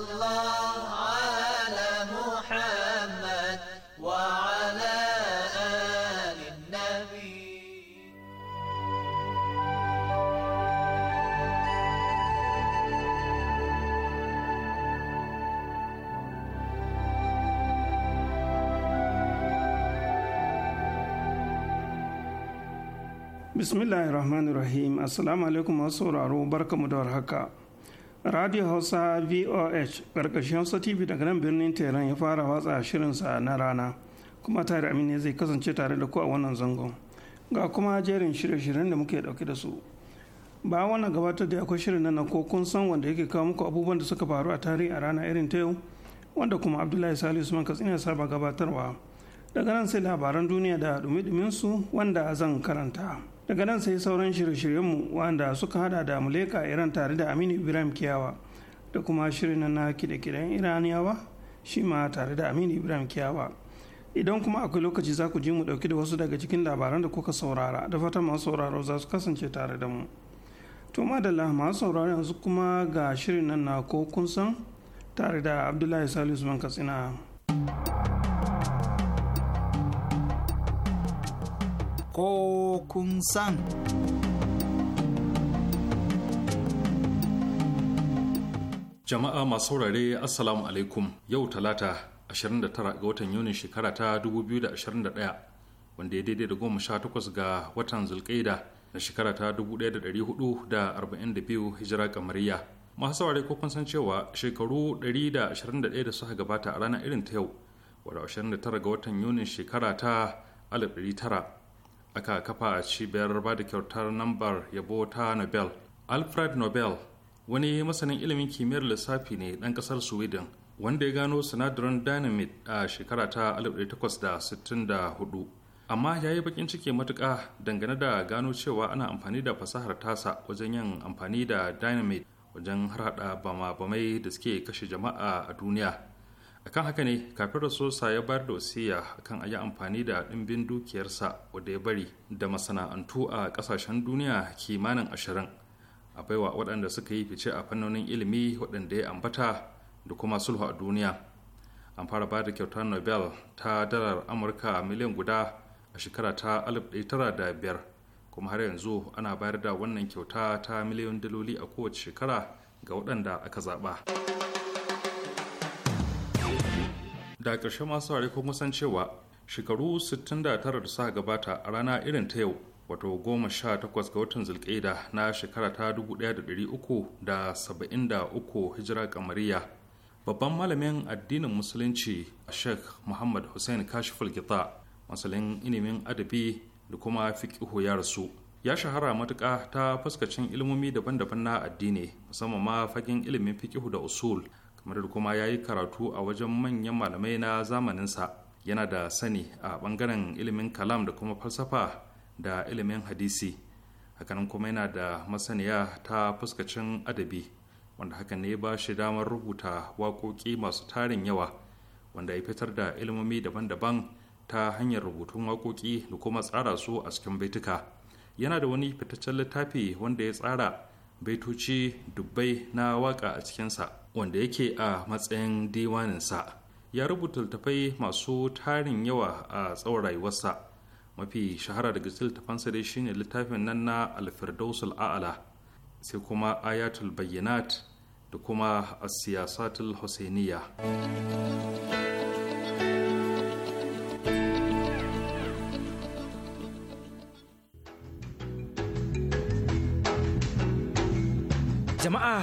الله على محمد وعلى آل النبي بسم الله الرحمن الرحيم السلام عليكم ورحمه الله وبركاته radio hausa voh ƙarƙashin hausa tv daga nan birnin tehran ya fara watsa shirinsa na rana kuma tare amine zai kasance tare da ku a wannan zangon ga kuma jerin shirye-shiryen da muke ɗauke da su ba wani gabatar da akwai shirin na ko kun san wanda yake kawo muku abubuwan da suka faru a tarihi a rana irin ta yau wanda kuma abdullahi salisu usman katsina saba gabatarwa daga nan sai labaran duniya da dumi-duminsu wanda zan karanta. daga nan sai sauran shirye-shiryenmu wanda suka hada da muleka iran tare da aminu ibrahim kiyawa da kuma shirin na kide-kiden iraniyawa shi ma tare da aminu ibrahim kiyawa idan kuma akwai lokaci za ku ji mu dauki da wasu daga cikin labaran da kuka saurara da fatan masu sauraro za su kasance tare da mu to madalla masu sauraro yanzu kuma ga shirin nan na ko kun san tare da abdullahi salisu man katsina ko kun san. Jama'a masu saurare Assalamu alaikum yau talata 29 ga watan Yunin shekara ta 2021 wanda ya daidai da goma sha takwas ga watan zulkaida na shekara ta 1442 hijira kamariya. Masu saurare ko kun san cewa shekaru 121 da suka gabata a ranar irin ta yau, wadda 29 ga watan Yunin shekara ta aka kafa a cibiyar ba da kyautar nambar yabo ta nobel alfred nobel wani masanin ilimin kimiyyar lissafi ne ɗan ƙasar sweden wanda ya gano sinadarin dynamite a shekara ta 1864 amma ya yi bakin ciki matuƙa dangane da gano cewa ana amfani da fasahar tasa wajen yin amfani da dynamite wajen harhaɗa bama-bamai da suke kashe jama'a a duniya a kan haka ne kafin rasosa ya bayar da wasiya kan a yi amfani da ɗimbin dukiyarsa wadda ya bari da masana'antu a ƙasashen duniya kimanin ashirin a baiwa waɗanda suka yi fice a fannonin ilimi waɗanda ya ambata da kuma sulhu a duniya an fara ba da kyautar nobel ta dalar amurka miliyan guda a shekara ta alif da biyar kuma har yanzu ana bayar da wannan kyauta ta miliyan daloli a kowace shekara ga waɗanda aka zaɓa. da ƙarshe masu ware kuma san cewa shekaru 69 da suka gabata a rana irin ta yau wato 18 ga watan zulkaida na shekara ta 1373 hijira kamariya babban malamin addinin musulunci sheikh muhammad hussein kashiful gita masalin ilimin adabi da kuma fiƙihu ya rasu ya shahara matuƙa ta fuskacin ilimomi daban-daban na addini musamman ma fagen ilimin fiƙihu da usul kamar da kuma ya yi karatu a wajen manyan malamai na zamaninsa yana da sani a bangaren ilimin kalam da kuma falsafa da ilimin hadisi hakanan kuma yana da masaniya ta fuskacin adabi wanda hakan ne ba shi damar rubuta waƙoƙi masu tarin yawa wanda ya fitar da ilimomi daban-daban ta hanyar rubutun waƙoƙi da kuma tsara su a cikin baituka yana da wani fitaccen littafi wanda ya tsara baitoci dubbai na waƙa a cikinsa wanda yake a matsayin diwaninsa ya rubuta littafai masu tarin yawa a tsawon rayuwarsa mafi shahara daga cikin littafansa dai shine littafin nan na alfirdausul a'ala sai kuma ayatul bayyanat da kuma asiyasatul husainiya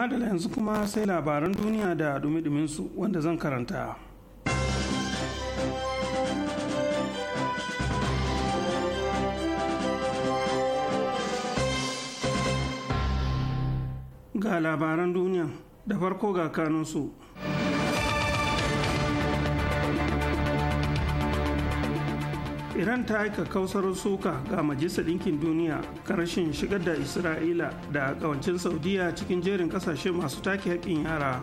madala yanzu kuma sai labaran duniya da dumi su wanda zan karanta. Ga labaran duniya da farko ga kanunsu. iran ta aika kausar suka ga majalisar ɗinkin duniya karshen shigar da isra'ila da kawancin saudiya cikin jerin kasashe masu take haƙƙin yara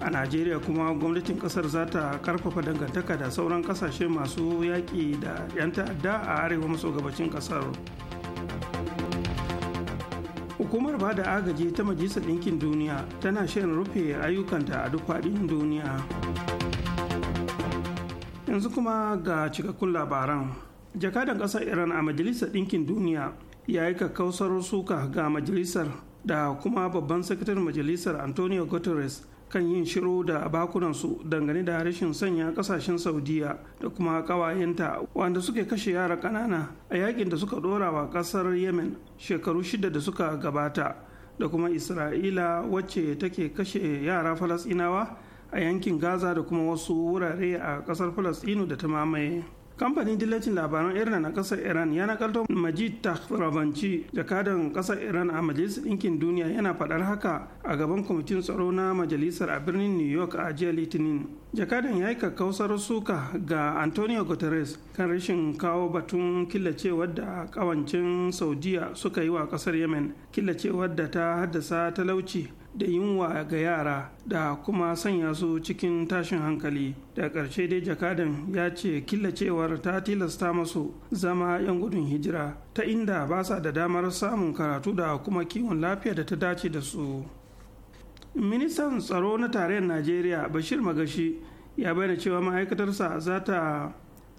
a najeriya kuma gwamnatin ƙasar za ta karfafa dangantaka da sauran kasashe masu yaƙi da 'yan ta'adda a arewa maso gabacin ƙasar. hukumar ba da agaji ta majalisar ɗinkin duniya tana shirin rufe ayyukanta a duk faɗin duniya yanzu kuma ga cikakkun labaran jakadan ƙasar iran a majalisar ɗinkin duniya ya yi kakkausar suka ga majalisar da kuma babban sakataren majalisar antonio guterres kan yin shiru da bakunansu dangane da rashin sanya kasashen saudiya da kuma kawayenta wanda suke kashe yara kanana a yakin da suka dora wa kasar yemen shekaru shida da suka gabata da kuma isra'ila wacce take kashe yara falasinawa a yankin gaza da kuma wasu wurare a kasar falastinu da ta mamaye kamfanin dillacin labaran iran na kasar iran ya nakalto majid tahravanci jakadan kasar iran a majalisar ɗinkin duniya yana faɗar haka a gaban kwamitin tsaro na majalisar a birnin new york a jiya litinin jakadan ya yi kakkausar suka ga antonio guterres kan rashin kawo batun killacewar da kawancin saudiya suka yi wa kasar yemen killacewar da ta haddasa talauci da yunwa ga yara da kuma sanya su cikin tashin hankali da ƙarshe dai jakadan ya ce killacewar ta tilasta masu zama 'yan gudun hijira ta inda ba sa da damar samun karatu da kuma kiwon lafiya da ta dace da su ministan tsaro na tarayyar najeriya bashir magashi ya bayyana cewa ma'aikatarsa za ta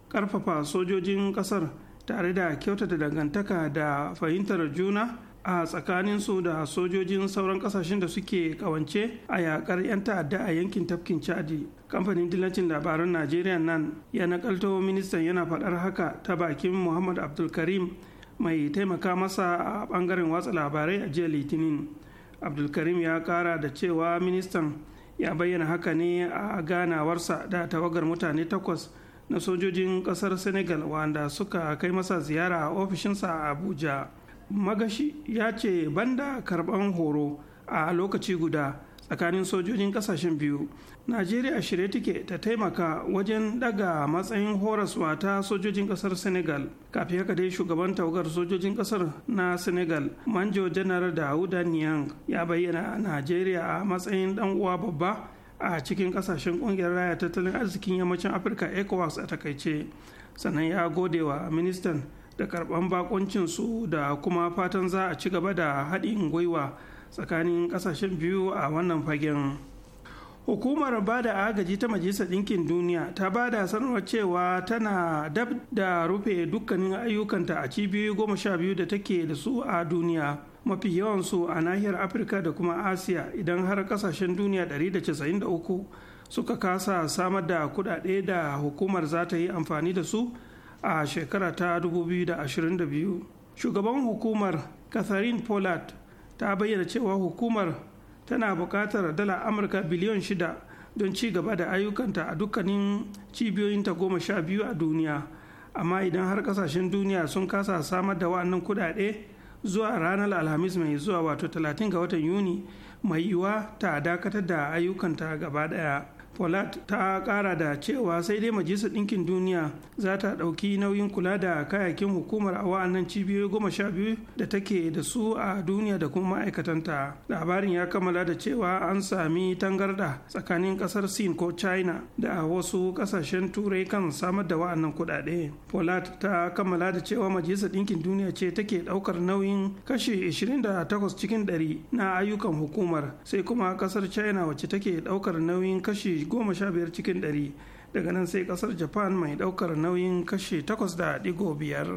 karfafa sojojin kasar tare da kyautata dangantaka da fahimtar juna a tsakanin su da sojojin sauran kasashen da suke kawance a yakar 'yan ta'adda a yankin tafkin chadi kamfanin dillacin labaran najeriya nan ya nakalto ministan yana faɗar haka ta bakin muhammad abdulkarim mai taimaka masa a ɓangaren watsa labarai a jiya litinin abdulkarim ya ƙara da cewa ministan ya bayyana haka ne a ganawarsa da tawagar mutane takwas na sojojin ƙasar senegal wanda suka kai masa ziyara a ofishinsa a abuja magashi ya ce banda karban horo a lokaci guda tsakanin sojojin kasashen biyu najeriya shirye take ta taimaka wajen daga matsayin horaswa ta sojojin kasar senegal kafin haka dai shugaban tawagar sojojin kasar na senegal manjo janar dauda niang ya bayyana najeriya a matsayin dan uwa babba a cikin kasashen kungiyar raya tattalin arzikin yammacin afirka ecowas a takaice sannan ya gode wa ministan da karban bakoncin su da kuma fatan za a ci gaba da haɗin gwiwa tsakanin ƙasashen biyu a wannan fagen hukumar ba da agaji ta majalisar ɗinkin duniya ta ba da sanarwar cewa tana dab da rufe dukkanin ayyukanta a cibiyoyi goma sha biyu da take da su a duniya mafi yawansu a nahiyar afirka da kuma asiya idan har kasashen duniya da da casa'in uku suka kasa samar da kudade da hukumar za ta yi amfani da su a shekara ta 2022 shugaban hukumar catherine pollard ta bayyana cewa hukumar tana buƙatar dala amurka biliyon shida don ci gaba da ayyukanta a dukkanin cibiyoyinta goma sha biyu a duniya amma idan har kasashen duniya sun kasa samar da wa'annan kuɗaɗe zuwa ranar alhamis mai zuwa wato 30 ga watan yuni mai yiwuwa ta dakatar da ayyukanta gaba ɗaya Polat ta kara da cewa sai dai majalisar ɗinkin duniya za ta ɗauki nauyin kula da kayayyakin hukumar a wa'annan cibiyoyi goma sha biyu da take da su a duniya da kuma ma'aikatanta. Labarin ya kammala da cewa an sami tangarda tsakanin ƙasar Sin ko China da wasu ƙasashen Turai kan samar da wa'annan kuɗaɗe. Polat ta kammala da cewa majalisar ɗinkin duniya ce take ɗaukar nauyin kashe 28 cikin ɗari na ayyukan hukumar sai kuma ƙasar China wacce take ɗaukar nauyin kashe goma sha biyar cikin 100 daga nan sai kasar japan mai ɗaukar nauyin kashi biyar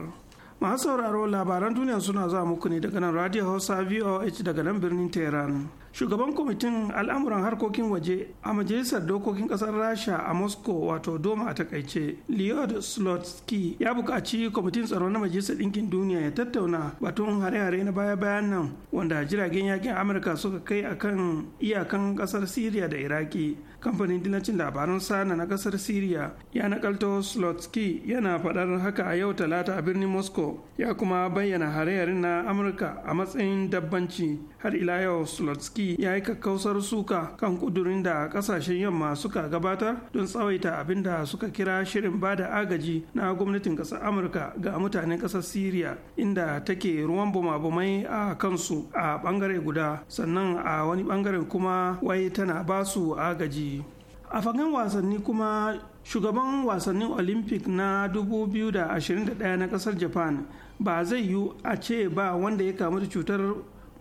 masu sauraro labaran duniya suna zuwa muku ne daga nan radio hausa voh daga nan birnin tehran shugaban kwamitin al'amuran harkokin waje a majalisar dokokin kasar rasha a moscow wato doma a takaice leod slotsky ya buƙaci kwamitin tsaro na majalisar ɗinkin duniya ya tattauna batun hare-hare na baya-bayan nan wanda jiragen yakin amurka suka kai akan iyakan kasar syria da iraki kamfanin dillacin Labaran sana na kasar syria ya nakalto slotsky yana faɗar haka a yau talata a birnin moscow ya kuma bayyana hare hare na amurka a matsayin dabbanci har ila yau slotsky ya yi kakkausar suka kan kudurin da kasashen yamma suka gabatar don tsawaita abin da suka kira shirin ba da agaji na gwamnatin ƙasar amurka ga mutanen ƙasar syria inda take ruwan bumabumai a kansu a ɓangare guda sannan a wani ɓangaren kuma wai tana ba su agaji a fagen wasanni kuma shugaban wasannin olympic na 2021 na kasar japan ba zai yiwu a ce ba wanda ya kamu da cutar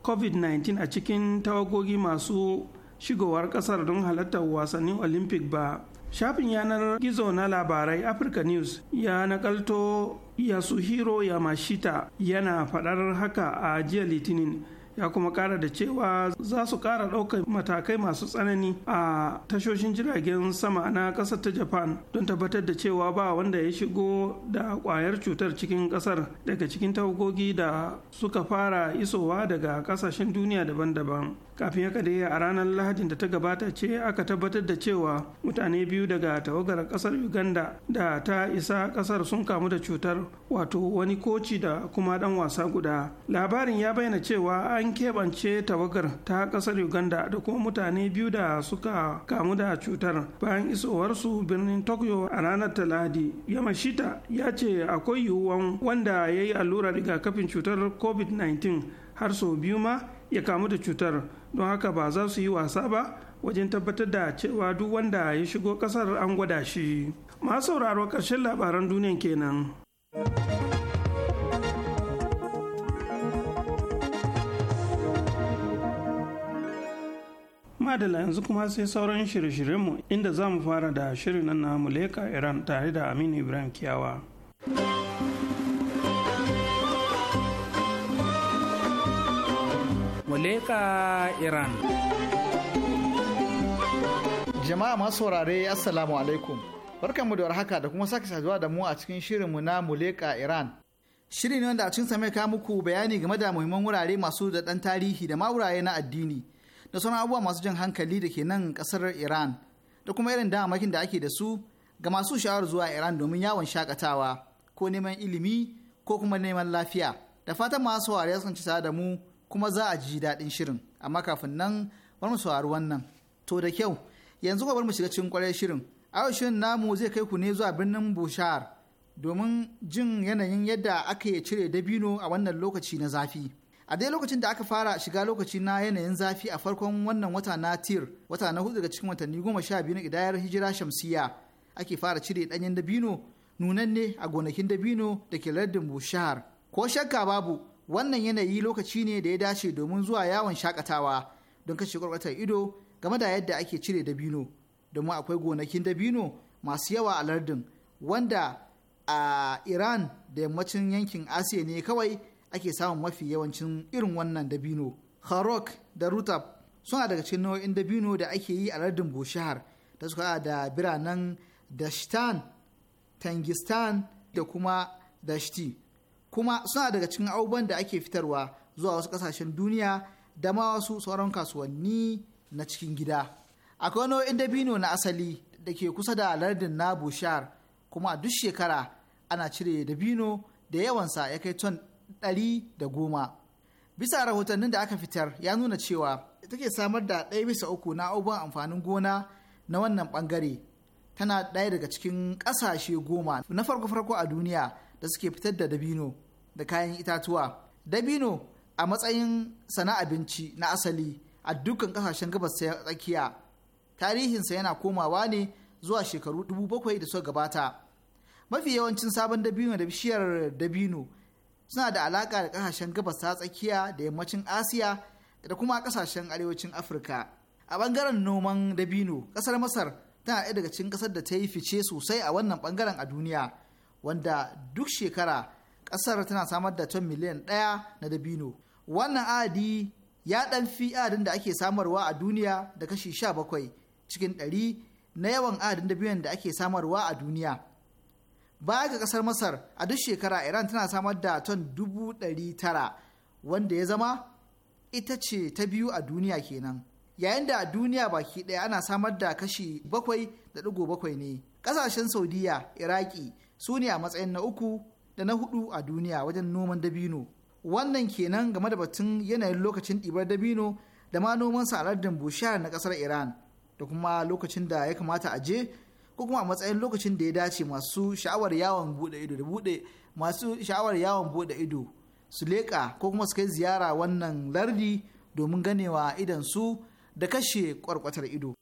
covid-19 a cikin tawagogi masu shigowar kasar don halartar wasannin olympic ba shafin yanar gizo na labarai africa news ya nakalto yasuhiro yamashita yana faɗar haka a jiya litinin ya kuma kara da cewa za su kara ɗaukar matakai masu tsanani a tashoshin jiragen sama na ƙasar ta japan don tabbatar da cewa ba wanda ya shigo da ƙwayar cutar cikin ƙasar daga cikin tawagogi da suka fara isowa daga ƙasashen duniya daban-daban kafin ya dai a ranar lahadin da ta gabata ce aka tabbatar da cewa mutane biyu daga tawagar ƙasar uganda da ta isa ƙasar sun kamu da cutar wato wani koci da kuma ɗan wasa guda labarin ya bayyana cewa an an keɓance tawagar ta ƙasar uganda da kuma mutane biyu da suka kamu da cutar bayan isowarsu birnin tokyo a ranar taladi yamashita ya ce akwai yiwuwan wanda ya yi allurar rigakafin cutar covid-19 har sau biyu ma ya kamu da cutar don haka ba za su yi wasa ba wajen tabbatar da cewa duk wanda ya shigo kasar an gwada shi masu sauraro ƙarshen labaran duniya kenan. madala yanzu kuma sai sauran shirye-shiryenmu inda za mu fara da shirin nan na muleka iran tare da aminu ibrahim kiyawa muleka iran jama'a masu wurare assalamu alaikum barkanmu da warhaka da kuma sake saduwa da mu a cikin shirin shirinmu na muleka iran shirin ne wanda a cikin mai muku bayani game da muhimman wurare masu da ɗan tarihi da ma wurare na addini da sauran abubuwa masu jan hankali da ke nan kasar iran da kuma irin damakin da ake da su ga masu sha'awar zuwa iran domin yawon shakatawa ko neman ilimi ko kuma neman lafiya da fatan masu saurari sun ci da mu kuma za a ji daɗin shirin amma kafin nan bar mu saurari wannan to da kyau yanzu bar mu shiga cikin kwarai shirin a shirin namu zai kai ku ne zuwa birnin bushar domin jin yanayin yadda aka cire dabino a wannan lokaci na zafi. a dai lokacin da aka fara shiga lokaci na yanayin zafi a farkon wannan wata na tir wata na hudu daga cikin watanni goma sha biyu na ƙidayar hijira shamsiya ake fara cire ɗanyen dabino nunanne a gonakin dabino da ke lardin bushahar ko shakka babu wannan yanayi lokaci ne da ya dace domin zuwa yawon shakatawa don kashe kwarkwatar ido game da yadda ake cire dabino domin akwai gonakin dabino masu yawa a lardin wanda a iran da yammacin yankin asiya ne kawai ake samun mafi yawancin irin wannan dabino harok da rutab suna daga cikin nau'in dabino da ake yi a lardin bushahar da suka da biranen dashtan tangistan da kuma dashti kuma suna daga cikin auban da ake fitarwa zuwa wasu kasashen duniya da ma wasu sauran kasuwanni na cikin gida akwai nau'in dabino na asali da ke kusa da lardin na bushahar kuma duk shekara ana cire dabino da yawansa ya kai ton ɗari Bisa rahotannin da aka fitar ya nuna cewa take samar da ɗaya bisa uku na abubuwan amfanin gona na wannan ɓangare. Tana ɗaya daga cikin ƙasashe goma na farko-farko a duniya da suke fitar da dabino da kayan itatuwa. Dabino a matsayin sana abinci na asali a dukkan ƙasashen gabas ta tsakiya. Tarihinsa yana komawa ne zuwa shekaru dubu bakwai da suka gabata. Mafi yawancin sabon dabino da bishiyar dabino suna da alaƙa da ƙasashen gabas ta tsakiya da yammacin asiya da kuma ƙasashen arewacin afirka a ɓangaren noman dabino ƙasar masar tana ɗaya daga cikin ƙasar da ta yi fice sosai a wannan ɓangaren a duniya wanda duk shekara ƙasar tana samar da ton miliyan ɗaya na dabino wannan adadi ya ɗan fi adadin da ake samarwa a duniya da kashi sha bakwai cikin ɗari na yawan adadin dabinon da ake samarwa a duniya baya ga kasar masar a duk shekara iran tana samar da ton dubu ɗari tara wanda ya zama ita ce ta biyu a duniya kenan yayin da a duniya baki ɗaya ana samar da kashi bakwai da ɗigo bakwai ne ƙasashen saudiya iraki su ne a matsayin na uku da na hudu a duniya wajen noman dabino wannan kenan game da batun yanayin lokacin ɗibar dabino da ma noman sa'alar bushihar na ƙasar iran da kuma lokacin da ya kamata a je ko kuma a matsayin lokacin da ya dace masu sha'awar yawon bude ido da bude masu sha'awar yawon bude ido su leƙa ko kuma su kai ziyara wannan lardi domin ganewa idan su da kashe kwarkwatar ido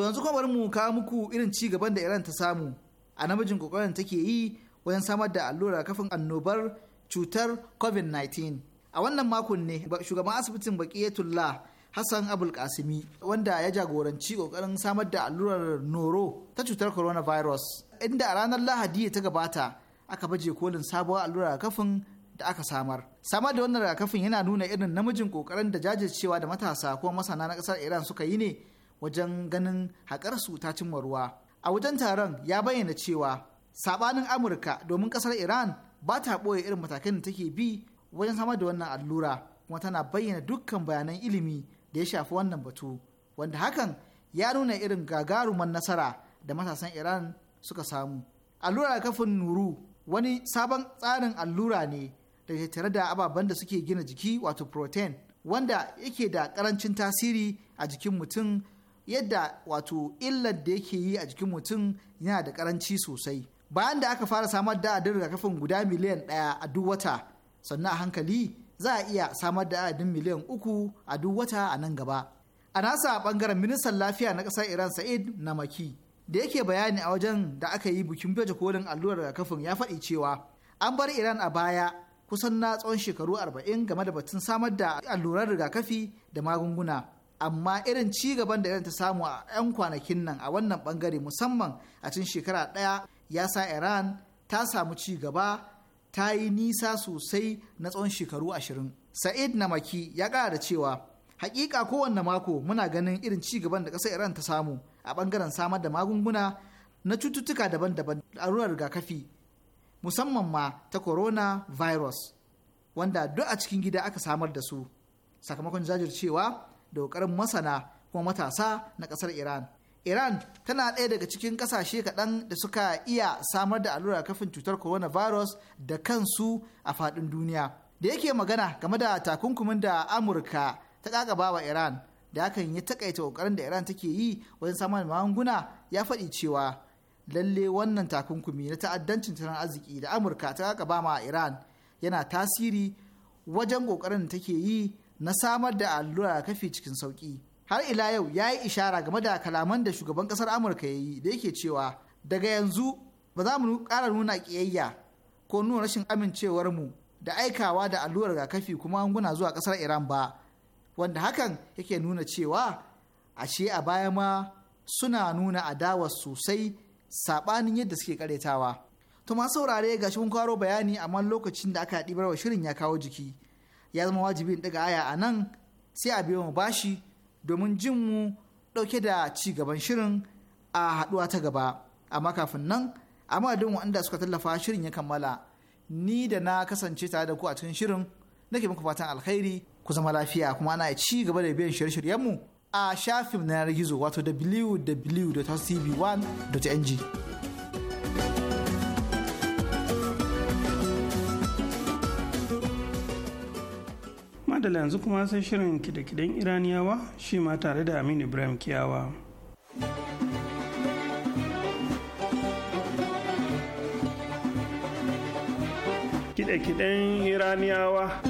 to yanzu kuma bari mu kawo muku irin ci gaban da iran ta samu a namijin kokarin take yi wajen samar da allura kafin annobar cutar covid-19 a wannan makon ne shugaban asibitin tulla hassan abul kasimi wanda ya jagoranci kokarin samar da allurar noro ta cutar coronavirus inda a ranar lahadi ta gabata aka baje kolin sabuwar allurar kafin da aka samar. Samar da wannan rakafin yana nuna irin namijin kokarin da jajircewa da matasa kuma masana na kasar Iran suka yi ne wajen ganin haƙarsu ta cimma ruwa. A wajen taron ya bayyana cewa sabanin Amurka domin ƙasar Iran ba ta ɓoye irin matakan da take bi wajen samar da wannan allura kuma tana bayyana dukkan bayanan ilimi da ya shafi wannan batu wanda hakan ya nuna irin gagaruman nasara da matasan Iran suka samu. Allura kafin nuru wani sabon tsarin allura ne da ke tare da ababen da suke gina jiki wato protein wanda yake da karancin tasiri a jikin mutum yadda wato illar da yake yi a jikin mutum yana da karanci sosai bayan da aka fara samar da adadin rigakafin guda miliyan ɗaya a duk wata sannan a hankali za a iya samar da adadin miliyan uku a duk wata a nan gaba a nasa bangaren ministan lafiya na ƙasar iran sa'id namaki da yake bayani a wajen da aka yi bikin baje kolin allurar rigakafin ya faɗi cewa an bar iran a baya kusan na tsawon shekaru arba'in game da batun samar da allurar rigakafi da magunguna amma irin ci gaban da irin ta samu a 'yan kwanakin nan a wannan bangare musamman a cikin shekara ɗaya ya sa iran ta samu ci gaba ta yi nisa sosai na tsawon shekaru ashirin sa'id na maki ya ƙara da cewa hakika kowanne mako muna ganin irin ci gaban da ƙasar iran ta samu a bangaren samar da magunguna na cututtuka daban-daban da rigakafi musamman ma ta corona virus wanda duk a cikin gida aka samar da su sakamakon jajircewa da ƙoƙarin masana kuma matasa na ƙasar Iran. Iran tana ɗaya daga cikin ƙasashe kaɗan da suka iya samar da allurar kafin cutar coronavirus da kansu a faɗin duniya. Da yake magana game da takunkumin da Amurka ta ƙaƙabawa Iran da hakan ya taƙaita ƙoƙarin da Iran take yi wajen samar da magunguna ya faɗi cewa lalle wannan takunkumi na ta'addancin tattalin arziki da Amurka ta ƙaƙabawa ma Iran yana tasiri wajen ƙoƙarin da take yi na samar da allura kafi cikin sauki har ila yau ya yi ishara game da kalaman da shugaban kasar amurka ya yi da yake cewa daga yanzu ba za mu kara nuna ƙiyayya ko nuna rashin amincewar mu da aikawa da allurar kafi kuma anguna zuwa kasar iran ba wanda hakan yake nuna cewa ashe a baya ma suna nuna adawa sosai saɓanin yadda suke karetawa. to ma saurare ga kun kwaro bayani amma lokacin da aka ɗibar wa shirin ya kawo jiki ya zama wajibi in ɗaga aya a nan sai a biyo mu bashi domin jin mu ɗauke da ci gaban shirin a haɗuwa ta gaba amma kafin nan a don waɗanda suka tallafa shirin ya kammala ni da na kasance tare da ku a cikin shirin nake muku fatan alkhairi ku zama lafiya kuma ana ci gaba da biyan shirye-shiryenmu a shafin na yanar gizo wato www.tv1.ng da yanzu kuma sai shirin kidakidan iraniyawa shi ma tare da aminu ibrahim kiyawa Kiɗe-kiɗen iraniyawa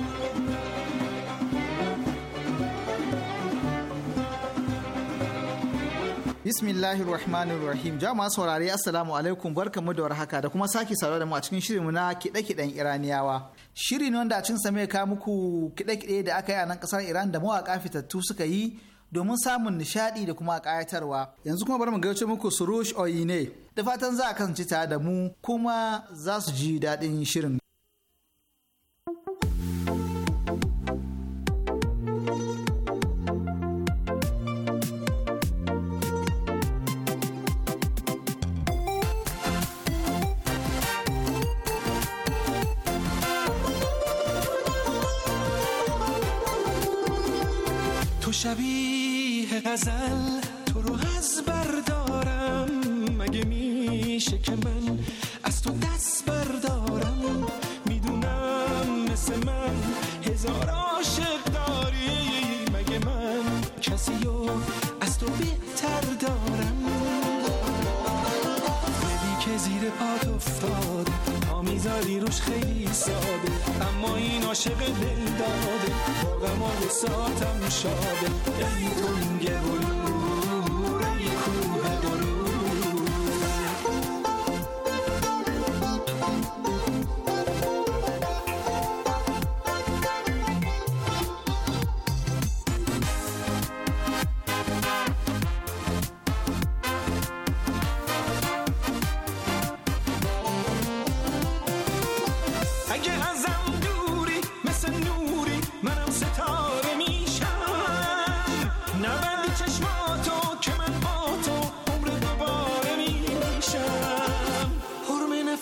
Bismillahir Rahmanir Rahim. Jama'a saurari Assalamu alaikum barkamu da warhaka da kuma sake saurare da mu a cikin shirinmu na kiɗe-kiɗen Iraniyawa. Shiri ne wanda a cikin sa ka muku kiɗe-kiɗe da aka yi a nan kasar Iran da mawaƙa fitattu suka yi domin samun nishaɗi da kuma ƙayatarwa. Yanzu kuma bari mu gaice muku Surush Oyine. Da fatan za a kasance tare da mu kuma za su ji daɗin shirin. شبیه غزل تو رو از بردارم مگه میشه که من از تو دست بردارم میدونم مثل من هزار عاشق داری مگه من کسی میذاری روش خیلی ساده اما این عاشق دل داده با ما ساتم شاده ای تنگ بلو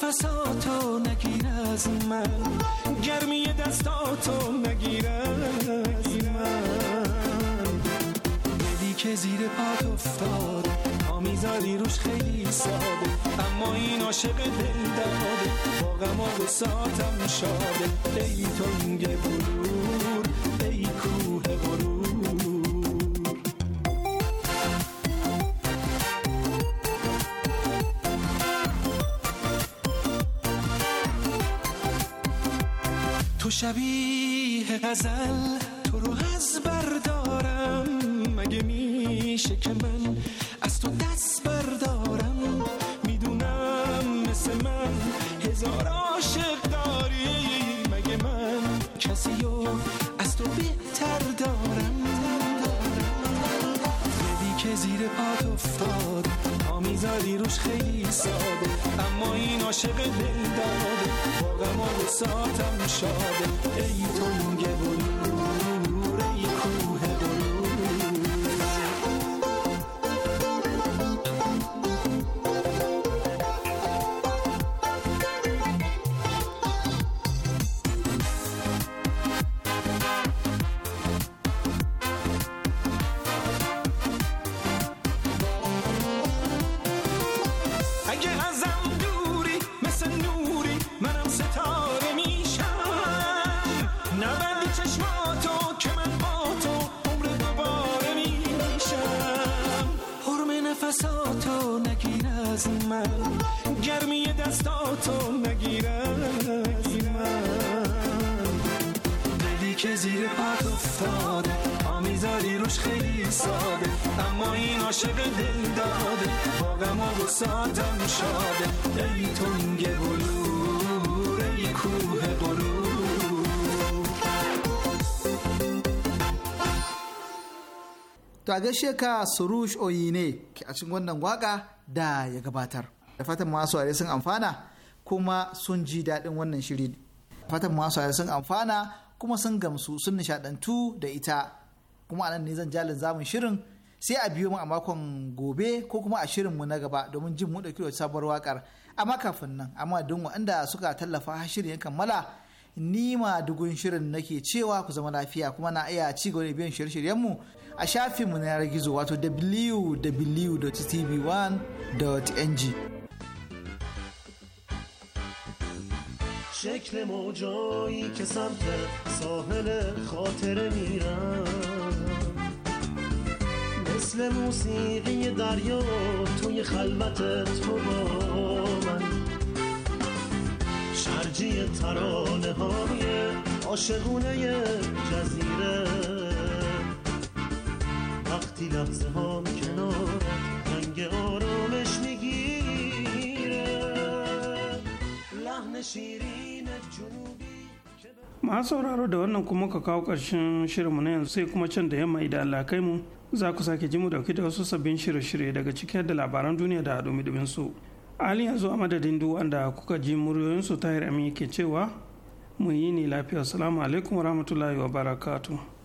نفساتو نگیر از من گرمی دستاتو نگیر از من دلی که زیر پات افتاد پا میذاری روش خیلی ساده اما این عاشق دل داده با غم و ساتم شاده ای شبیه غزل تو رو از بردارم مگه میشه که من میذاری روش خیلی ساده اما این عاشق دل داده با ساتم شاده ای تو گبون روش خیلی ساده اما این عاشق دل داده باقم غم و وساتم شاده ای تنگ بلور ای کوه غرور To a gaishe ka Surush Oyine a cikin wannan waka da ya gabatar. Da fatan masu aure sun amfana kuma sun ji daɗin wannan shiri. Fatan masu aure sun amfana kuma sun gamsu sun nishaɗantu da ita. kuma anan ne zan jalin zamun shirin sai a biyo mu a makon gobe ko kuma a shirin mu na gaba domin jin mu dauki sabuwar wakar amma kafin nan amma don waɗanda suka tallafa shirin ya kammala ni ma dugun shirin nake cewa ku zama lafiya kuma na iya ci gaba da biyan shirye-shiryen mu a shafin mu na yanar gizo wato www.tv1.ng شکل موجایی که سمت ساحل خاطره میرم مثل موسیقی دریا توی خلوت تو با من شرجی ترانه های عاشقونه جزیره وقتی لحظه کنار رنگ آرامش میگیره لحن شیری masu sauraro da wannan kuma ka kawo ƙarshen shirinmu na yanzu sai kuma can da yamma idan Allah kai mu za ku sake ji mu dauki da wasu sabbin shirye-shirye daga cikin da labaran duniya da dumi su halin yanzu a madadin duk wanda kuka ji muryoyinsu tahir amin ke cewa mu yi ni lafiya salamu alaikum warahmatullahi barakatu.